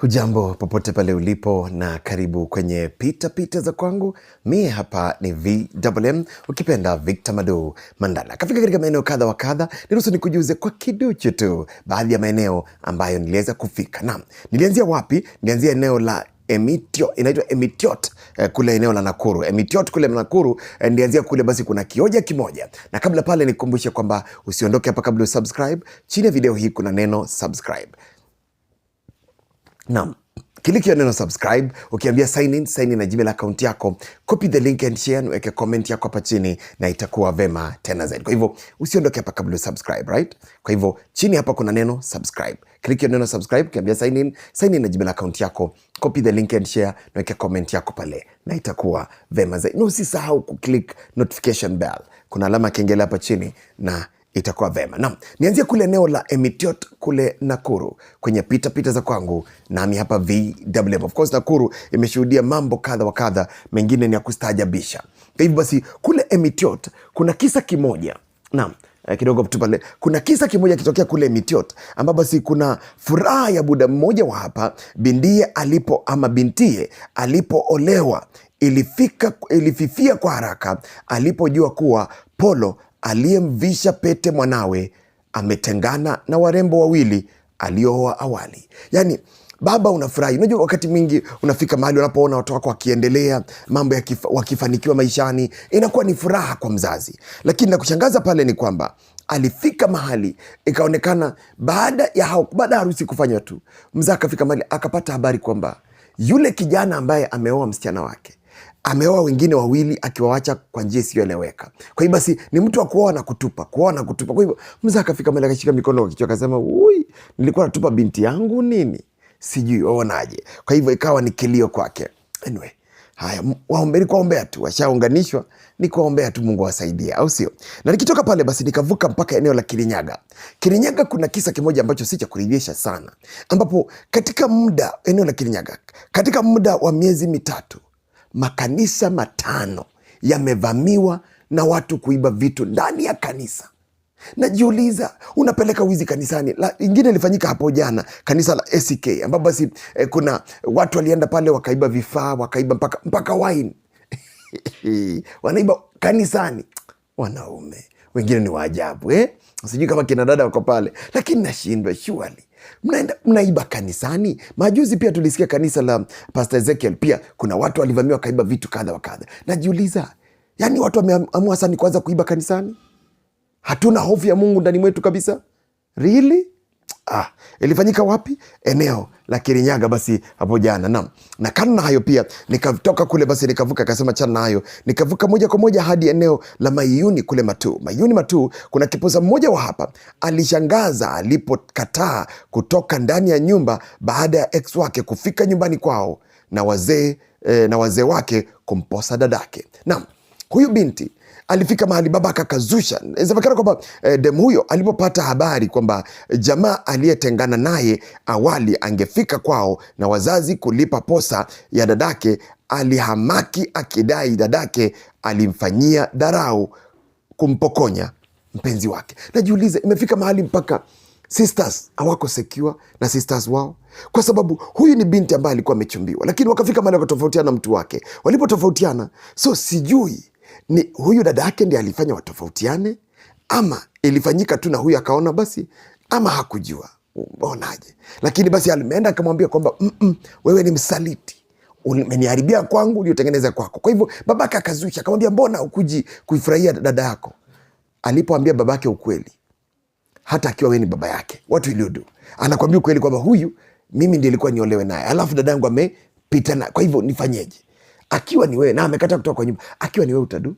Hujambo popote pale ulipo na karibu kwenye pita pita za kwangu. Mie hapa ni VMM, ukipenda Victor Madu Mandala. Kafika katika maeneo kadha wa kadha, niruhusu nikujuze kwa kiduchu tu baadhi ya maeneo ambayo niliweza kufika. Naam, nilianzia wapi? Nilianzia eneo la Emitio, inaitwa Emitiot eh, kule eneo la Nakuru. Emitiot kule Nakuru eh, ndianzia kule basi kuna kioja kimoja. Na kabla pale nikukumbushe kwamba usiondoke hapa kabla usubscribe. Chini ya video hii kuna neno subscribe. Naam. Kilikia neno subscribe, ukiambia sign in, sign in na Gmail account yako, copy the link and share, weke comment yako hapa chini na itakuwa vema tena zaidi. Kwa hivyo usiondoke hapa kabla usubscribe, right? Kwa hivyo chini hapa kuna neno subscribe. Kilikia neno subscribe, ukiambia sign in, sign in na Gmail account yako, copy the link and share, na weke comment yako pale na itakuwa vema zaidi. Na usisahau kuclick notification bell. Kuna alama kengele hapa chini na itakuwa vema. Naam, nianzie kule eneo la Emitiot kule Nakuru kwenye pita pita za kwangu, nami hapa VMM. Of course, Nakuru imeshuhudia mambo kadha wa kadha, mengine ni ya kustaajabisha. Hivyo basi kule Emitiot kuna kisa kimoja naam eh, kidogo tu pale, kuna kisa kimoja kitokea kule Mitiot, ambapo basi kuna furaha ya buda mmoja wa hapa bindie alipo ama bintie alipoolewa ilifika, ilififia kwa haraka alipojua kuwa Polo aliyemvisha pete mwanawe ametengana na warembo wawili aliooa awali. Yani baba unafurahi. Unajua, wakati mwingi unafika mahali unapoona watoto wako wakiendelea mambo kif, wakifanikiwa maishani, inakuwa ni furaha kwa mzazi, lakini nakushangaza kushangaza pale ni kwamba alifika mahali ikaonekana, baada ya hao baada ya harusi kufanywa tu, mzaa akafika mahali akapata habari kwamba yule kijana ambaye ameoa msichana wake ameoa wengine wawili akiwaacha kwa njia isiyoeleweka. Kwa hiyo basi ni mtu wa kuoa na kutupa, kuoa na kutupa. Kwa hivyo mzee akafika mbele akashika mikono kwa kichwa akasema, ui, nilikuwa natupa binti yangu nini? Sijui waonaje. Kwa hivyo ikawa ni kilio kwake. Anyway, haya waombeni, kuwaombea tu, washaunganishwa ni kuwaombea tu, Mungu awasaidia, au sio? Na nikitoka pale basi nikavuka mpaka eneo la Kirinyaga. Kirinyaga kuna kisa kimoja ambacho si cha kuridhisha sana, ambapo katika muda eneo la Kirinyaga, katika muda wa miezi mitatu makanisa matano yamevamiwa na watu kuiba vitu ndani ya kanisa. Najiuliza, unapeleka wizi kanisani. La ingine ilifanyika hapo jana, kanisa la ACK ambapo basi eh, kuna watu walienda pale wakaiba vifaa, wakaiba mpaka, mpaka wine wanaiba kanisani. Wanaume wengine ni waajabu eh? Sijui kama kina dada wako pale, lakini nashindwa shuali mnaenda mnaiba kanisani. Majuzi pia tulisikia kanisa la Pastor Ezekiel, pia kuna watu walivamia wakaiba vitu kadha wa kadha. Najiuliza, yani watu wameamua sasa ni kuanza kuiba kanisani? Hatuna hofu ya Mungu ndani mwetu kabisa, really? Ah, ilifanyika wapi? Eneo la Kirinyaga basi hapo jana. Naam. Na kando na hayo pia nikatoka kule basi nikavuka akasema chana na hayo. Nikavuka moja kwa moja hadi eneo la Mayuni kule Matu. Mayuni Matu kuna kipoza mmoja wa hapa alishangaza alipokataa kutoka ndani ya nyumba baada ya ex wake kufika nyumbani kwao na wazee eh, na wazee wake kumposa dadake. Naam. Huyu binti alifika mahali baba akakazusha. Inawezekana kwamba eh, demu huyo alipopata habari kwamba jamaa aliyetengana naye awali angefika kwao na wazazi kulipa posa ya dadake, alihamaki akidai dadake alimfanyia dharau, kumpokonya mpenzi wake. Najiuliza, imefika mahali mpaka sisters hawako secure na sisters wao, kwa sababu huyu ni binti ambaye alikuwa amechumbiwa, lakini wakafika mahali wakatofautiana na mtu wake. Walipotofautiana, so sijui ni huyu dada yake ndi alifanya watofautiane, ama ilifanyika tu na huyu akaona basi, ama hakujua onaje? Lakini basi alimeenda akamwambia kwamba mm -mm, wewe ni msaliti umeniharibia kwangu uliotengeneza kwako. Kwa hivyo babake akazusha akamwambia, mbona ukuji kuifurahia dada yako? Alipoambia babake ukweli, hata akiwa wewe ni baba yake, watu iliodu anakwambia ukweli kwamba huyu mimi ndiye nilikuwa niolewe naye, alafu dada yangu amepita na, kwa hivyo nifanyeje? akiwa ni wewe na amekata kutoka kwa nyumba, akiwa ni wewe utadu.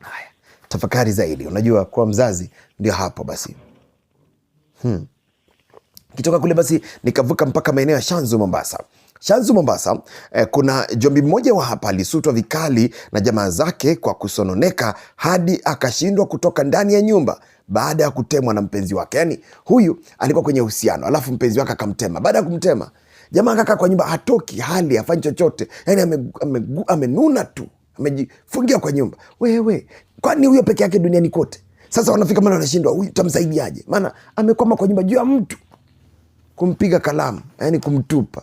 Haya, tafakari zaidi. Unajua kwa mzazi ndio hapo basi. Hmm. Kitoka kule basi nikavuka mpaka maeneo ya Shanzu Mombasa. Shanzu Mombasa eh, kuna jombi mmoja wa hapa alisutwa vikali na jamaa zake kwa kusononeka hadi akashindwa kutoka ndani ya nyumba baada ya kutemwa na mpenzi wake. Yaani huyu alikuwa kwenye uhusiano, alafu mpenzi wake akamtema. Baada ya kumtema jamaa akakaa kwa nyumba hatoki hali afanyi chochote yani ame, ame, amenuna tu amejifungia kwa nyumba wewe kwani huyo peke yake duniani kote sasa wanafika mana wanashindwa huyu tamsaidiaje maana amekwama kwa nyumba juu ya mtu kumpiga kalamu yani kumtupa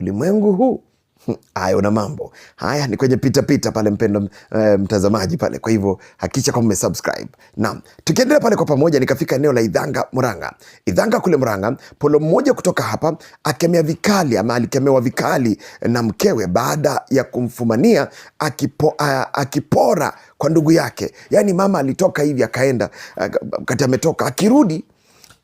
ulimwengu huu Hmm, hayo na mambo haya ni kwenye pitapita pale mpendo e, mtazamaji pale kwa hivyo hakikisha kwamba umesubscribe naam tukiendelea pale kwa pamoja nikafika eneo la idhanga muranga idhanga kule muranga polo mmoja kutoka hapa akemea vikali ama alikemewa vikali eh, na mkewe baada ya kumfumania akipo, a, akipora kwa ndugu yake yaani mama alitoka hivi akaenda eh, kati ametoka akirudi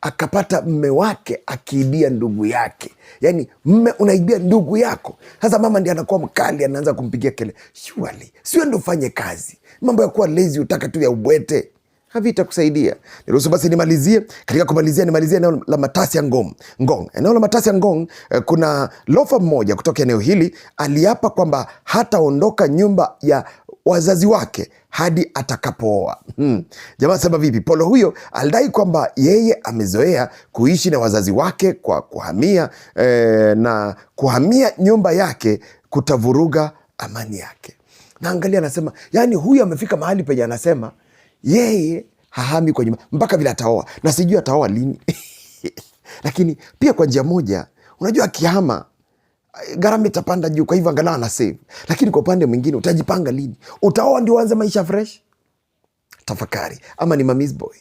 akapata mme wake akiibia ndugu yake. Yani mme unaibia ndugu yako. Sasa mama ndi anakuwa mkali, anaanza kumpigia kele. shuali sio ndo fanye kazi, mambo ya kuwa lezi utaka tu ya ubwete havitakusaidia. Niruhusu basi nimalizie. Katika kumalizia, nimalizie eneo la Matasi ya Ngong, Ngong. Eneo la Matasi ya Ngong, eh, kuna lofa mmoja kutoka eneo hili aliapa kwamba hataondoka nyumba ya wazazi wake hadi atakapooa. Hmm. Jamaa sema vipi? Polo huyo alidai kwamba yeye amezoea kuishi na wazazi wake kwa kuhamia eh, na kuhamia nyumba yake kutavuruga amani yake. Naangalia anasema, yani huyu amefika mahali penye anasema yeye hahami kwa nyumba mpaka vile ataoa, na sijui ataoa lini lakini pia kwa njia moja, unajua akihama gharama itapanda juu, kwa hivyo angalau ana save. Lakini kwa upande mwingine utajipanga lini? Utaoa ndio uanze maisha fresh? Tafakari. Ama ni mamis boy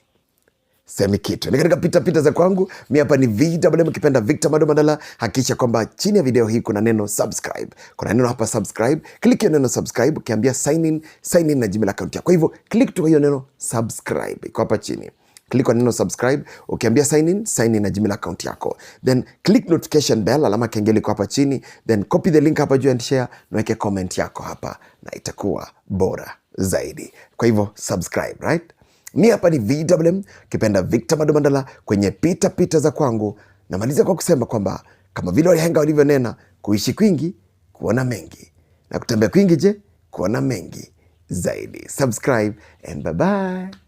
semi kitu ni katika pita pita za kwangu. Mi hapa ni Victor Mandala, ukipenda Victor Mandala. Hakikisha kwamba chini ya video hii kuna neno subscribe, kuna neno hapa subscribe. Click hiyo neno subscribe, ukiambia sign in, sign in na Gmail account yako. Kwa hivyo click tu hiyo neno subscribe, iko hapa chini. Click kwa neno subscribe, ukiambia sign in, sign in na Gmail account yako, then click notification bell, alama kengele iko hapa chini, then copy the link hapa juu and share, na weke comment yako hapa na itakuwa bora zaidi. Kwa hivyo subscribe, right? Mi hapa ni VMM, kipenda Victor Madomandala kwenye pita pita za kwangu. Namaliza kwa kusema kwamba kama vile walihenga walivyonena, kuishi kwingi kuona mengi, na kutembea kwingi, je, kuona mengi zaidi. Subscribe and bye bye.